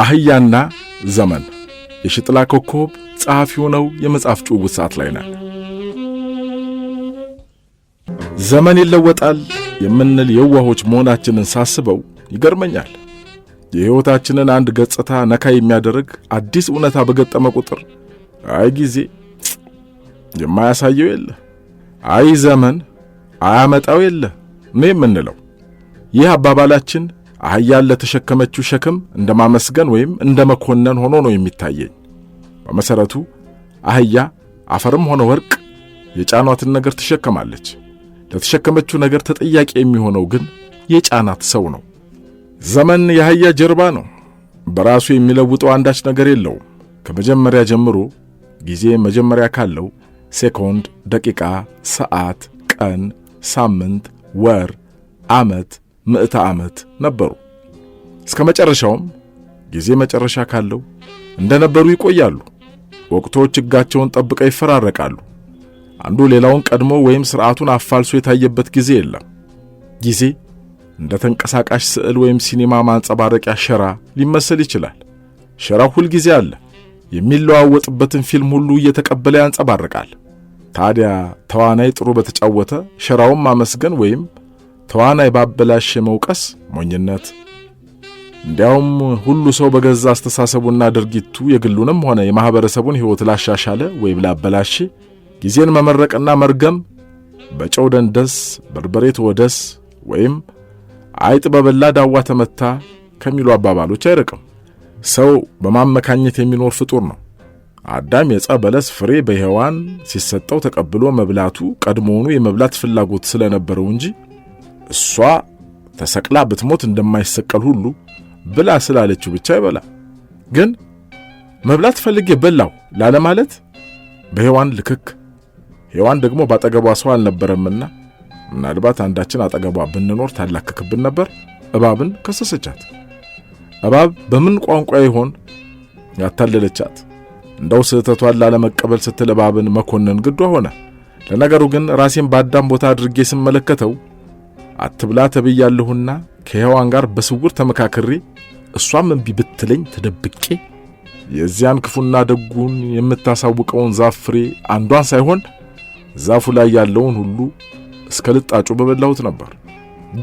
አህያና ዘመን የሽጥላ ኮከብ ጸሐፊ ሆነው የመጽሐፍ ጭውውት ሰዓት ላይ ነን። ዘመን ይለወጣል የምንል የዋሆች መሆናችንን ሳስበው ይገርመኛል። የሕይወታችንን አንድ ገጽታ ነካ የሚያደርግ አዲስ እውነታ በገጠመ ቁጥር አይ ጊዜ የማያሳየው የለ፣ አይ ዘመን አያመጣው የለ ነው የምንለው። ይህ አባባላችን አህያን ለተሸከመችው ሸክም እንደ ማመስገን ወይም እንደ መኮነን ሆኖ ነው የሚታየኝ። በመሰረቱ አህያ አፈርም ሆነ ወርቅ የጫኗትን ነገር ትሸከማለች። ለተሸከመችው ነገር ተጠያቂ የሚሆነው ግን የጫናት ሰው ነው። ዘመን የአህያ ጀርባ ነው። በራሱ የሚለውጠው አንዳች ነገር የለውም። ከመጀመሪያ ጀምሮ ጊዜ መጀመሪያ ካለው ሴኮንድ፣ ደቂቃ፣ ሰዓት፣ ቀን፣ ሳምንት፣ ወር፣ ዓመት ምዕተ ዓመት ነበሩ። እስከ መጨረሻውም ጊዜ መጨረሻ ካለው እንደነበሩ ይቆያሉ። ወቅቶች ሕጋቸውን ጠብቀው ይፈራረቃሉ። አንዱ ሌላውን ቀድሞ ወይም ስርዓቱን አፋልሶ የታየበት ጊዜ የለም። ጊዜ እንደ ተንቀሳቃሽ ስዕል ወይም ሲኒማ ማንጸባረቂያ ሸራ ሊመሰል ይችላል። ሸራው ሁል ጊዜ አለ። የሚለዋወጥበትን ፊልም ሁሉ እየተቀበለ ያንጸባርቃል። ታዲያ ተዋናይ ጥሩ በተጫወተ ሸራውን ማመስገን ወይም ተዋናይ ባበላሽ መውቀስ ሞኝነት። እንዲያውም ሁሉ ሰው በገዛ አስተሳሰቡና ድርጊቱ የግሉንም ሆነ የማህበረሰቡን ሕይወት ላሻሻለ ወይም ላበላሽ ጊዜን መመረቅና መርገም በጨው ደንደስ፣ በርበሬ ተወደስ ወይም አይጥ በበላ ዳዋ ተመታ ከሚሉ አባባሎች አይርቅም። ሰው በማመካኘት የሚኖር ፍጡር ነው። አዳም የዕፀ በለስ ፍሬ በሔዋን ሲሰጠው ተቀብሎ መብላቱ ቀድሞውኑ የመብላት ፍላጎት ስለነበረው እንጂ እሷ ተሰቅላ ብትሞት እንደማይሰቀል ሁሉ ብላ ስላለችው ብቻ ይበላ። ግን መብላት ፈልጌ በላው ላለማለት በሔዋን ልክክ፣ ሔዋን ደግሞ ባጠገቧ ሰው አልነበረምና ምናልባት አንዳችን አጠገቧ ብንኖር ታላክክብን ነበር። እባብን ከሰሰቻት። እባብ በምን ቋንቋ ይሆን ያታለለቻት? እንደው ስህተቷን ላለመቀበል ስትል እባብን መኮንን ግዷ ሆነ። ለነገሩ ግን ራሴን በአዳም ቦታ አድርጌ ስመለከተው አትብላ ተብያለሁና ከሔዋን ጋር በስውር ተመካክሬ እሷም እምቢ ብትለኝ ተደብቄ የዚያን ክፉና ደጉን የምታሳውቀውን ዛፍ ፍሬ አንዷን ሳይሆን ዛፉ ላይ ያለውን ሁሉ እስከ ልጣጩ በበላሁት ነበር።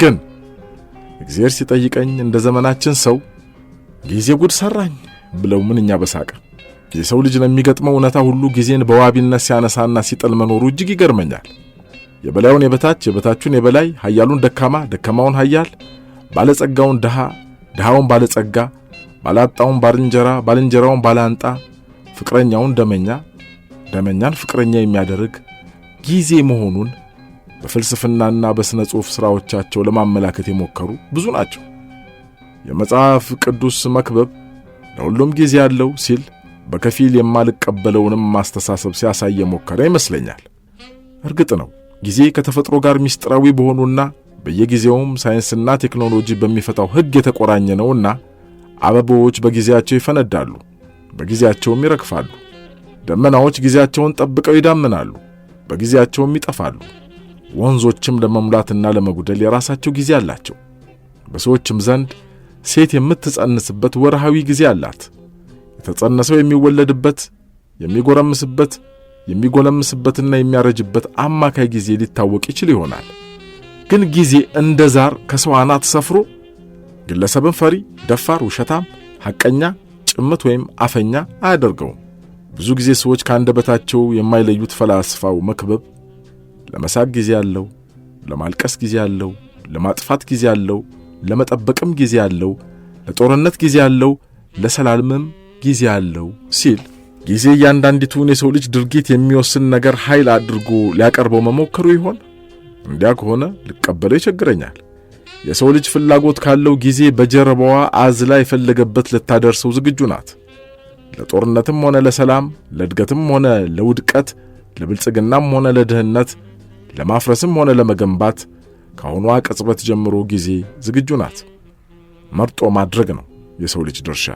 ግን እግዚአብሔር ሲጠይቀኝ እንደ ዘመናችን ሰው ጊዜ ጉድ ሰራኝ ብለው ምንኛ በሳቀ። የሰው ልጅ ለሚገጥመው እውነታ ሁሉ ጊዜን በዋቢነት ሲያነሳና ሲጠል መኖሩ እጅግ ይገርመኛል። የበላዩን የበታች የበታቹን የበላይ ኃያሉን ደካማ ደካማውን ኃያል ባለጸጋውን ድሃ ድሃውን ባለጸጋ ባላጣውን ባልንጀራ ባልንጀራውን ባላንጣ ፍቅረኛውን ደመኛ ደመኛን ፍቅረኛ የሚያደርግ ጊዜ መሆኑን በፍልስፍናና በሥነ ጽሑፍ ሥራዎቻቸው ለማመላከት የሞከሩ ብዙ ናቸው። የመጽሐፍ ቅዱስ መክበብ ለሁሉም ጊዜ ያለው ሲል በከፊል የማልቀበለውንም ማስተሳሰብ ሲያሳይ የሞከረ ይመስለኛል። እርግጥ ነው ጊዜ ከተፈጥሮ ጋር ምስጢራዊ በሆኑና በየጊዜውም ሳይንስና ቴክኖሎጂ በሚፈታው ሕግ የተቆራኘ ነውና አበቦች በጊዜያቸው ይፈነዳሉ፣ በጊዜያቸውም ይረግፋሉ። ደመናዎች ጊዜያቸውን ጠብቀው ይዳምናሉ፣ በጊዜያቸውም ይጠፋሉ። ወንዞችም ለመሙላትና ለመጉደል የራሳቸው ጊዜ አላቸው። በሰዎችም ዘንድ ሴት የምትጸንስበት ወርሃዊ ጊዜ አላት። የተጸነሰው የሚወለድበት፣ የሚጎረምስበት የሚጎለምስበትና የሚያረጅበት አማካይ ጊዜ ሊታወቅ ይችል ይሆናል። ግን ጊዜ እንደ ዛር ከሰው አናት ሰፍሮ ግለሰብን ፈሪ፣ ደፋር፣ ውሸታም፣ ሐቀኛ፣ ጭምት ወይም አፈኛ አያደርገውም። ብዙ ጊዜ ሰዎች ከአንደበታቸው የማይለዩት ፈላስፋው መክበብ ለመሳቅ ጊዜ አለው፣ ለማልቀስ ጊዜ አለው፣ ለማጥፋት ጊዜ አለው፣ ለመጠበቅም ጊዜ አለው፣ ለጦርነት ጊዜ አለው፣ ለሰላምም ጊዜ አለው ሲል ጊዜ እያንዳንዲቱን የሰው ልጅ ድርጊት የሚወስን ነገር ኃይል አድርጎ ሊያቀርበው መሞከሩ ይሆን? እንዲያ ከሆነ ልቀበለው ይቸግረኛል። የሰው ልጅ ፍላጎት ካለው ጊዜ በጀርባዋ አዝላ የፈለገበት ልታደርሰው ዝግጁ ናት። ለጦርነትም ሆነ ለሰላም፣ ለእድገትም ሆነ ለውድቀት፣ ለብልጽግናም ሆነ ለድህነት፣ ለማፍረስም ሆነ ለመገንባት ከአሁኗ ቅጽበት ጀምሮ ጊዜ ዝግጁ ናት። መርጦ ማድረግ ነው የሰው ልጅ ድርሻ።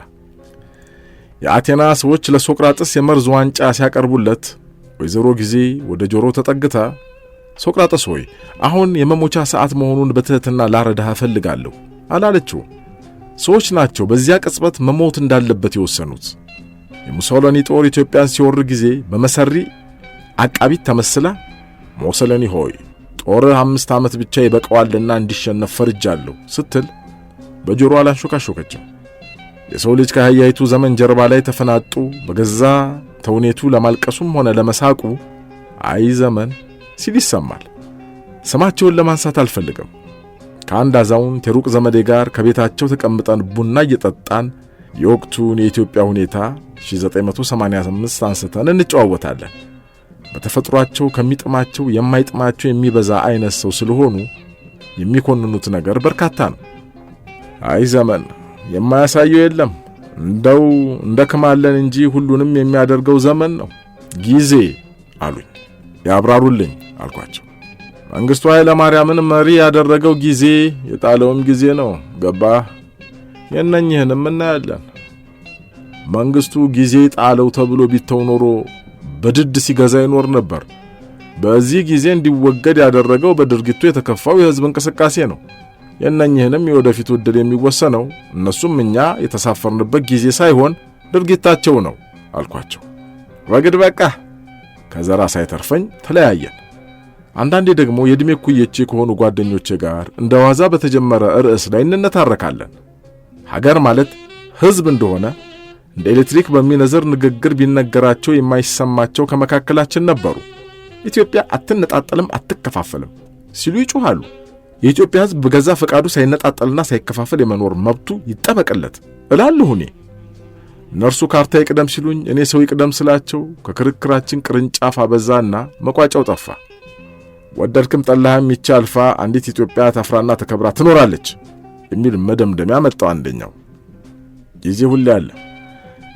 የአቴና ሰዎች ለሶቅራጥስ የመርዝ ዋንጫ ሲያቀርቡለት ወይዘሮ ጊዜ ወደ ጆሮ ተጠግታ ሶቅራጥስ ሆይ አሁን የመሞቻ ሰዓት መሆኑን በትሕትና ላረዳህ እፈልጋለሁ አላለችው። ሰዎች ናቸው በዚያ ቅጽበት መሞት እንዳለበት የወሰኑት። የሙሶሎኒ ጦር ኢትዮጵያን ሲወር ጊዜ በመሰሪ አቃቢት ተመስላ ሞሰሎኒ ሆይ ጦርህ አምስት ዓመት ብቻ ይበቀዋልና እንዲሸነፍ ፈርጃለሁ ስትል በጆሮ አላንሾካሾከችው። የሰው ልጅ ከአህያይቱ ዘመን ጀርባ ላይ ተፈናጡ በገዛ ተውኔቱ ለማልቀሱም ሆነ ለመሳቁ አይ ዘመን ሲል ይሰማል። ስማቸውን ለማንሳት አልፈልግም። ከአንድ አዛውንት የሩቅ ዘመዴ ጋር ከቤታቸው ተቀምጠን ቡና እየጠጣን የወቅቱን የኢትዮጵያ ሁኔታ 1985 አንስተን እንጨዋወታለን። በተፈጥሯቸው ከሚጥማቸው የማይጥማቸው የሚበዛ አይነት ሰው ስለሆኑ የሚኮንኑት ነገር በርካታ ነው። አይ ዘመን የማያሳየው የለም። እንደው እንደክማለን እንጂ ሁሉንም የሚያደርገው ዘመን ነው ጊዜ አሉኝ። ያብራሩልኝ አልኳቸው። መንግስቱ ኃይለ ማርያምን መሪ ያደረገው ጊዜ የጣለውም ጊዜ ነው። ገባህ? የእነኝህንም እናያለን። መንግስቱ ጊዜ ጣለው ተብሎ ቢተው ኖሮ በድድ ሲገዛ ይኖር ነበር። በዚህ ጊዜ እንዲወገድ ያደረገው በድርጊቱ የተከፋው የህዝብ እንቅስቃሴ ነው። የእነኝህንም የወደፊት ዕድል የሚወሰነው እነሱም እኛ የተሳፈርንበት ጊዜ ሳይሆን ድርጊታቸው ነው አልኳቸው። ረግድ በቃ ከዘራ ሳይተርፈኝ ተለያየን። አንዳንዴ ደግሞ የዕድሜ ኩየቼ ከሆኑ ጓደኞቼ ጋር እንደ ዋዛ በተጀመረ ርዕስ ላይ እንነታረካለን። ሀገር ማለት ሕዝብ እንደሆነ እንደ ኤሌክትሪክ በሚነዝር ንግግር ቢነገራቸው የማይሰማቸው ከመካከላችን ነበሩ። ኢትዮጵያ አትነጣጠልም፣ አትከፋፈልም ሲሉ ይጮኻሉ። የኢትዮጵያ ሕዝብ በገዛ ፈቃዱ ሳይነጣጠልና ሳይከፋፈል የመኖር መብቱ ይጠበቅለት እላለሁ እኔ። እነርሱ ካርታ ይቅደም ሲሉኝ እኔ ሰው ይቅደም ስላቸው ከክርክራችን ቅርንጫፍ አበዛና መቋጫው ጠፋ። ወደድክም ጠላህም ይቺ አልፋ አንዲት ኢትዮጵያ ታፍራና ተከብራ ትኖራለች የሚል መደምደሚያ መጣው። አንደኛው ጊዜ ሁሌ አለ።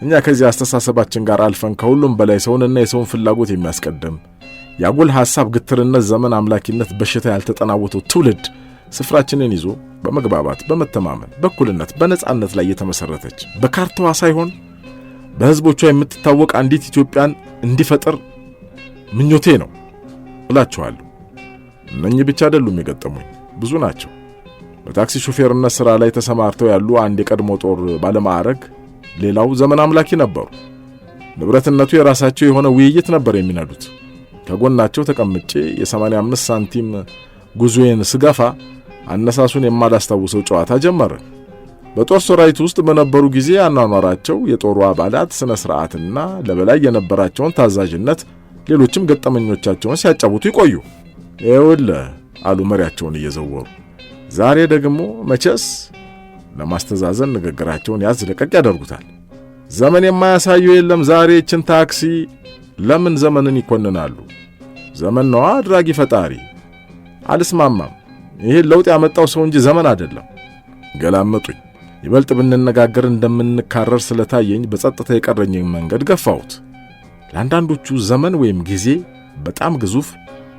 እኛ ከዚህ አስተሳሰባችን ጋር አልፈን ከሁሉም በላይ ሰውንና የሰውን ፍላጎት የሚያስቀድም የአጉል ሐሳብ ግትርነት ዘመን አምላኪነት በሽታ ያልተጠናወተው ትውልድ ስፍራችንን ይዞ በመግባባት፣ በመተማመን፣ በእኩልነት፣ በነጻነት ላይ የተመሰረተች በካርታዋ ሳይሆን በሕዝቦቿ የምትታወቅ አንዲት ኢትዮጵያን እንዲፈጠር ምኞቴ ነው እላችኋለሁ። እነኚህ ብቻ አይደሉም የገጠሙኝ፣ ብዙ ናቸው። በታክሲ ሹፌርነት ሥራ ላይ ተሰማርተው ያሉ አንድ የቀድሞ ጦር ባለማዕረግ፣ ሌላው ዘመን አምላኪ ነበሩ። ንብረትነቱ የራሳቸው የሆነ ውይይት ነበር የሚነዱት። ከጎናቸው ተቀምጬ የ85 ሳንቲም ጉዞዬን ስገፋ አነሳሱን የማላስታውሰው ጨዋታ ጀመረ። በጦር ሰራዊት ውስጥ በነበሩ ጊዜ አኗኗራቸው፣ የጦሩ አባላት ስነ ስርዓትና ለበላይ የነበራቸውን ታዛዥነት፣ ሌሎችም ገጠመኞቻቸውን ሲያጫውቱ ይቆዩ። ይውል አሉ መሪያቸውን እየዘወሩ። ዛሬ ደግሞ መቼስ ለማስተዛዘን ንግግራቸውን ያዝ ለቀቅ ያደርጉታል። ዘመን የማያሳየው የለም ዛሬ ይችን ታክሲ ለምን ዘመንን ይኮንናሉ? ዘመን ነዋ አድራጊ ፈጣሪ። አልስማማም። ይህን ለውጥ ያመጣው ሰው እንጂ ዘመን አይደለም። ገላመጡኝ። ይበልጥ ብንነጋገር እንደምንካረር ስለታየኝ በጸጥታ የቀረኝን መንገድ ገፋሁት። ለአንዳንዶቹ ዘመን ወይም ጊዜ በጣም ግዙፍ፣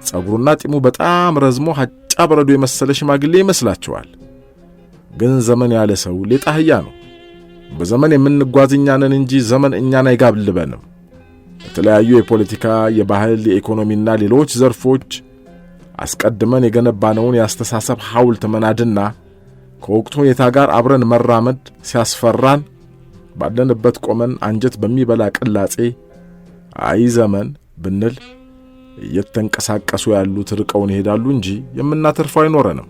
ጸጉሩና ጢሙ በጣም ረዝሞ ሀጫ በረዶ የመሰለ ሽማግሌ ይመስላቸዋል። ግን ዘመን ያለ ሰው ሌጣ አህያ ነው። በዘመን የምንጓዝ እኛ ነን እንጂ ዘመን እኛን አይጋብልበንም። በተለያዩ የፖለቲካ፣ የባህል፣ የኢኮኖሚና ሌሎች ዘርፎች አስቀድመን የገነባነውን የአስተሳሰብ ሐውልት መናድና ከወቅቱ ሁኔታ ጋር አብረን መራመድ ሲያስፈራን ባለንበት ቆመን አንጀት በሚበላ ቅላጼ አይ ዘመን ብንል እየተንቀሳቀሱ ያሉት ርቀውን ይሄዳሉ እንጂ የምናተርፈው አይኖረንም።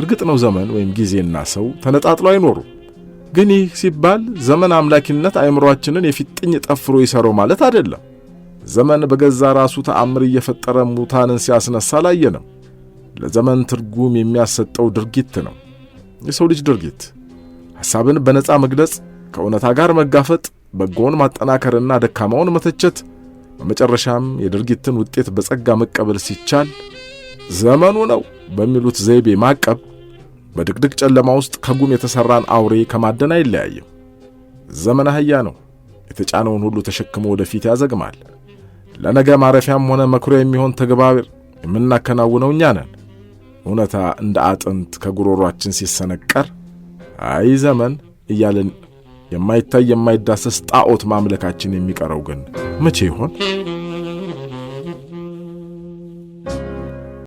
እርግጥ ነው ዘመን ወይም ጊዜና ሰው ተነጣጥሎ አይኖሩም። ግን ይህ ሲባል ዘመን አምላኪነት አእምሮአችንን የፊጥኝ ጠፍሮ ይሰረው ማለት አይደለም። ዘመን በገዛ ራሱ ተአምር እየፈጠረ ሙታንን ሲያስነሳ አላየንም። ለዘመን ትርጉም የሚያሰጠው ድርጊት ነው። የሰው ልጅ ድርጊት ሐሳብን በነፃ መግለጽ፣ ከእውነታ ጋር መጋፈጥ፣ በጎውን ማጠናከርና ደካማውን መተቸት፣ በመጨረሻም የድርጊትን ውጤት በጸጋ መቀበል ሲቻል ዘመኑ ነው በሚሉት ዘይቤ ማቀብ በድቅድቅ ጨለማ ውስጥ ከጉም የተሠራን አውሬ ከማደን አይለያይም። ዘመን አህያ ነው፣ የተጫነውን ሁሉ ተሸክሞ ወደፊት ያዘግማል። ለነገ ማረፊያም ሆነ መኩሪያ የሚሆን ተግባር የምናከናውነው እኛ ነን። እውነታ እንደ አጥንት ከጉሮሯችን ሲሰነቀር አይ ዘመን እያልን የማይታይ የማይዳሰስ ጣዖት ማምለካችን የሚቀረው ግን መቼ ይሆን?